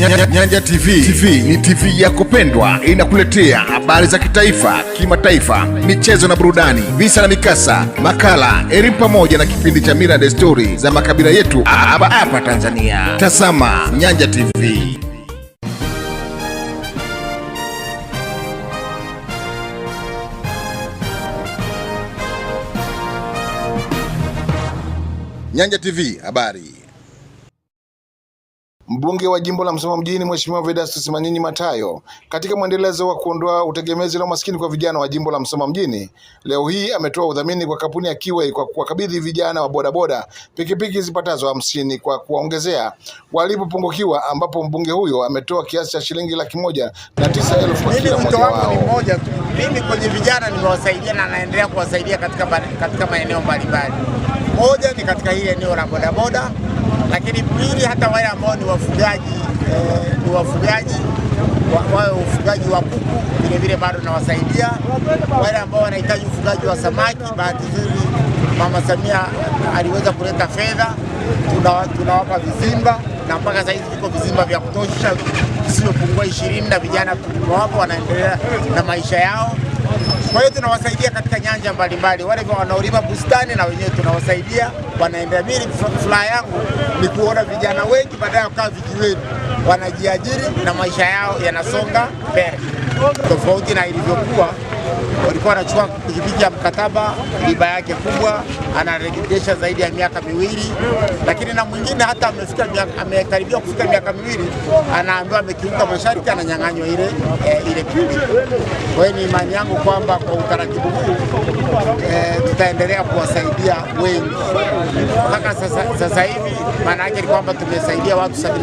Nyanja TV. TV ni TV ya kupendwa inakuletea habari za kitaifa, kimataifa, michezo na burudani, visa na mikasa, makala, elimu pamoja na kipindi cha mila na desturi za makabila yetu hapa hapa Tanzania. Tazama Nyanja TV. Nyanja TV habari. Mbunge wa jimbo la Msoma mjini Mheshimiwa Vedastus Manyinyi Matayo, katika mwendelezo wa kuondoa utegemezi na umaskini kwa vijana wa jimbo la Msoma mjini, leo hii ametoa udhamini kwa kampuni ya Kiway kwa kuwakabidhi vijana wa bodaboda pikipiki zipatazo hamsini kwa kuwaongezea walipopungukiwa, ambapo mbunge huyo ametoa kiasi cha shilingi laki moja na tisa elfu kwa kila mmoja wao. Mmoja tu mimi kwenye vijana nimewasaidia na naendelea kuwasaidia katika, katika maeneo mbalimbali. Moja ni katika hili eneo la bodaboda lakini pili, hata wale ambao ni wafugaji eh, ni wafugaji wawe ufugaji wa kuku vilevile bado nawasaidia. Wale ambao wanahitaji ufugaji wa samaki, bahati nzuri Mama Samia aliweza kuleta fedha, tunawapa vizimba na mpaka sasa hivi viko vizimba vya kutosha visivyopungua ishirini na vijana wapo wanaendelea na maisha yao. Kwa hiyo tunawasaidia katika nyanja mbalimbali, wale wanaolima bustani na wenyewe tunawasaidia, wanaendea. Mimi furaha yangu ni kuona vijana wengi baadaye wakawa vijiweni, wanajiajiri na maisha yao yanasonga mbele, tofauti na ilivyokuwa walikuwa wanachukua pikipiki ya mkataba, riba yake kubwa, anarejesha zaidi ya miaka miwili, lakini na mwingine hata amefika amekaribia kufika miaka miwili, anaambiwa amekiuka masharti, ananyang'anywa ile e, ile pikipiki. Kwa hiyo ni imani yangu kwamba kwa utaratibu huu e, tutaendelea kuwasaidia wengi mpaka sasa, sasa hivi maana yake ni kwamba tumesaidia watu 75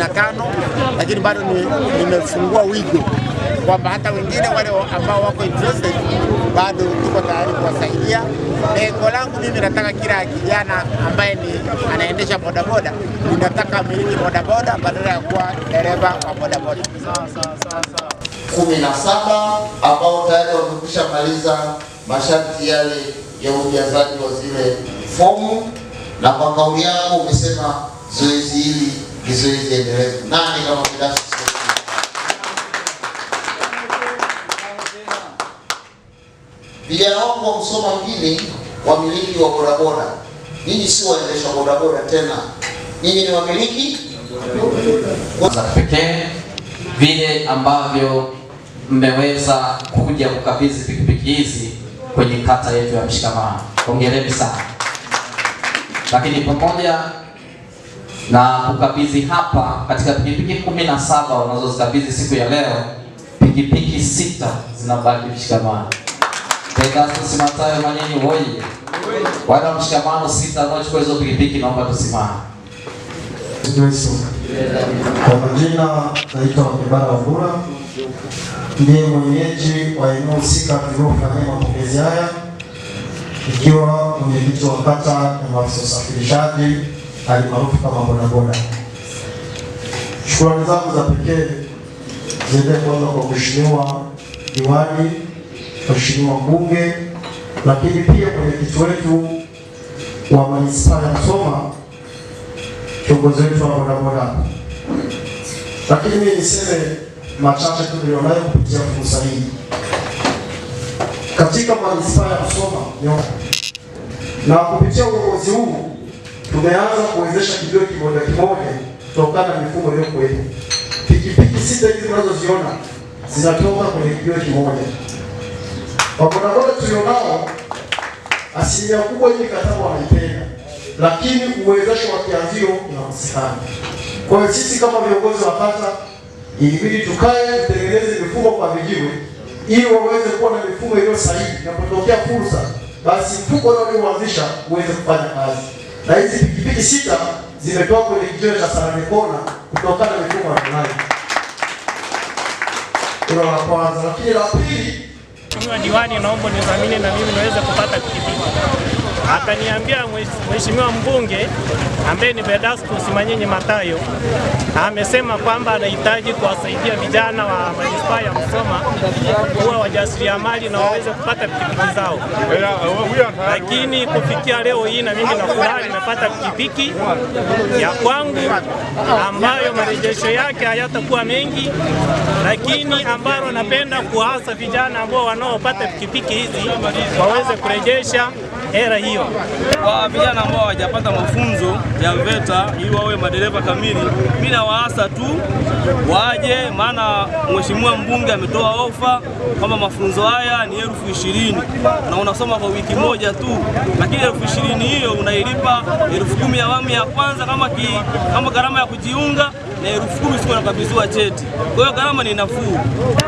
lakini bado nimefungua wigo kwamba hata wengine wale ambao wako interested bado tuko tayari kuwasaidia. Lengo langu mimi nataka kila kijana ambaye ni anaendesha bodaboda, ninataka miliki bodaboda badala ya kuwa dereva wa bodaboda. kumi na saba ambao tayari wamekwisha maliza masharti yale ya ujazaji wa zile fomu, na kwa kauli yangu umesema zoezi hili ni zoezi endelevu. Nani kama binafsi Vijana wangu wa Musoma mjini wamiliki wa bodaboda, ninyi si waendesha bodaboda tena, ninyi ni wamiliki za pekee, vile ambavyo mmeweza kuja kukabidhi pikipiki hizi kwenye kata yetu ya Mshikamano. Hongereni sana. Lakini pamoja na kukabidhi hapa katika pikipiki kumi na saba wanazozikabidhi siku ya leo, pikipiki sita zinabaki Mshikamano. Vedatus Matayo Manyeni woye. Wana mshikamano sita wanaochukua hizo pikipiki naomba tusimame. Kwa majina naitwa Mbara Wabura, ndiye mwenyeji wa eneo husika tuliofanyia mapokezi haya, ikiwa mwenyekiti wa kata na maafisa usafirishaji alimaarufu kama bodaboda. Shukrani zangu za pekee ziende kwanza kwa mheshimiwa diwani mheshimiwa mbunge, lakini pia mwenyekiti wetu wa manispaa ya Musoma, kiongozi wetu wa bodaboda. Lakini mimi niseme machache tu nilionayo kupitia fursa hii katika manispaa ya Musoma, na kupitia uongozi huu tumeanza kuwezesha kijiwe kimoja kimoja kutokana na mifumo iliyokuwepo. Pikipiki sita hizi unazoziona zinatoka kwenye kijiwe kimoja. Wabodaboda tulionao asilimia kubwa hii kataba wanaipenda, lakini uwezesho wa kianzio unakosekana. Kwa hiyo sisi kama viongozi wa kata ilibidi tukae tutengeneze mifumo kwa vijiwe, ili waweze kuwa na mifumo iliyo sahihi, inapotokea fursa basi mfuko unaoanzisha uweze kufanya kazi. Na hizi pikipiki sita zimetoka kwenye kijiwe cha Saramikona kutokana na mifumo ya tunai, kuna la kwanza, lakini la pili Mheshimiwa diwani, naomba nidhamini na mimi niweze kupata pikipiki. Akaniambia mheshimiwa mbunge ambaye ni Vedasto Simanyenye Matayo amesema kwamba anahitaji kuwasaidia vijana wa manispaa ya Musoma kuwa wajasiriamali na waweze kupata pikipiki zao, uh, lakini kufikia leo hii na mimi na furaha nimepata pikipiki ya kwangu ambayo marejesho yake hayatakuwa mengi, lakini ambalo napenda kuwaasa vijana ambao wanaopata pikipiki hizi waweze kurejesha hera hiyo kwa vijana ambao hawajapata mafunzo VETA ili wawe madereva kamili. Mimi nawaasa tu waje, maana mheshimiwa mbunge ametoa ofa kwamba mafunzo haya ni elfu ishirini na unasoma kwa wiki moja tu, lakini elfu ishirini hiyo unailipa elfu kumi awamu ya kwanza kama, kama gharama ya kujiunga na elfu kumi siku anakabidhiwa cheti. Kwa hiyo gharama ni nafuu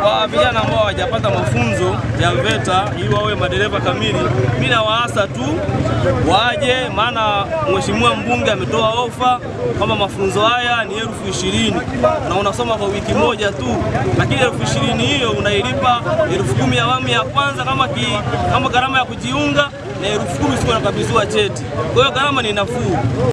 kwa vijana ambao hawajapata mafunzo ya VETA ili wawe madereva kamili. Mimi nawaasa tu waje, maana mheshimiwa mbunge ametoa ofa kwamba mafunzo haya ni elfu ishirini na unasoma kwa wiki moja tu, lakini elfu ishirini hiyo unailipa elfu kumi awamu ya kwanza kama, ki, kama gharama ya kujiunga na elfu kumi siku anakabidhiwa cheti. Kwa hiyo gharama ni nafuu.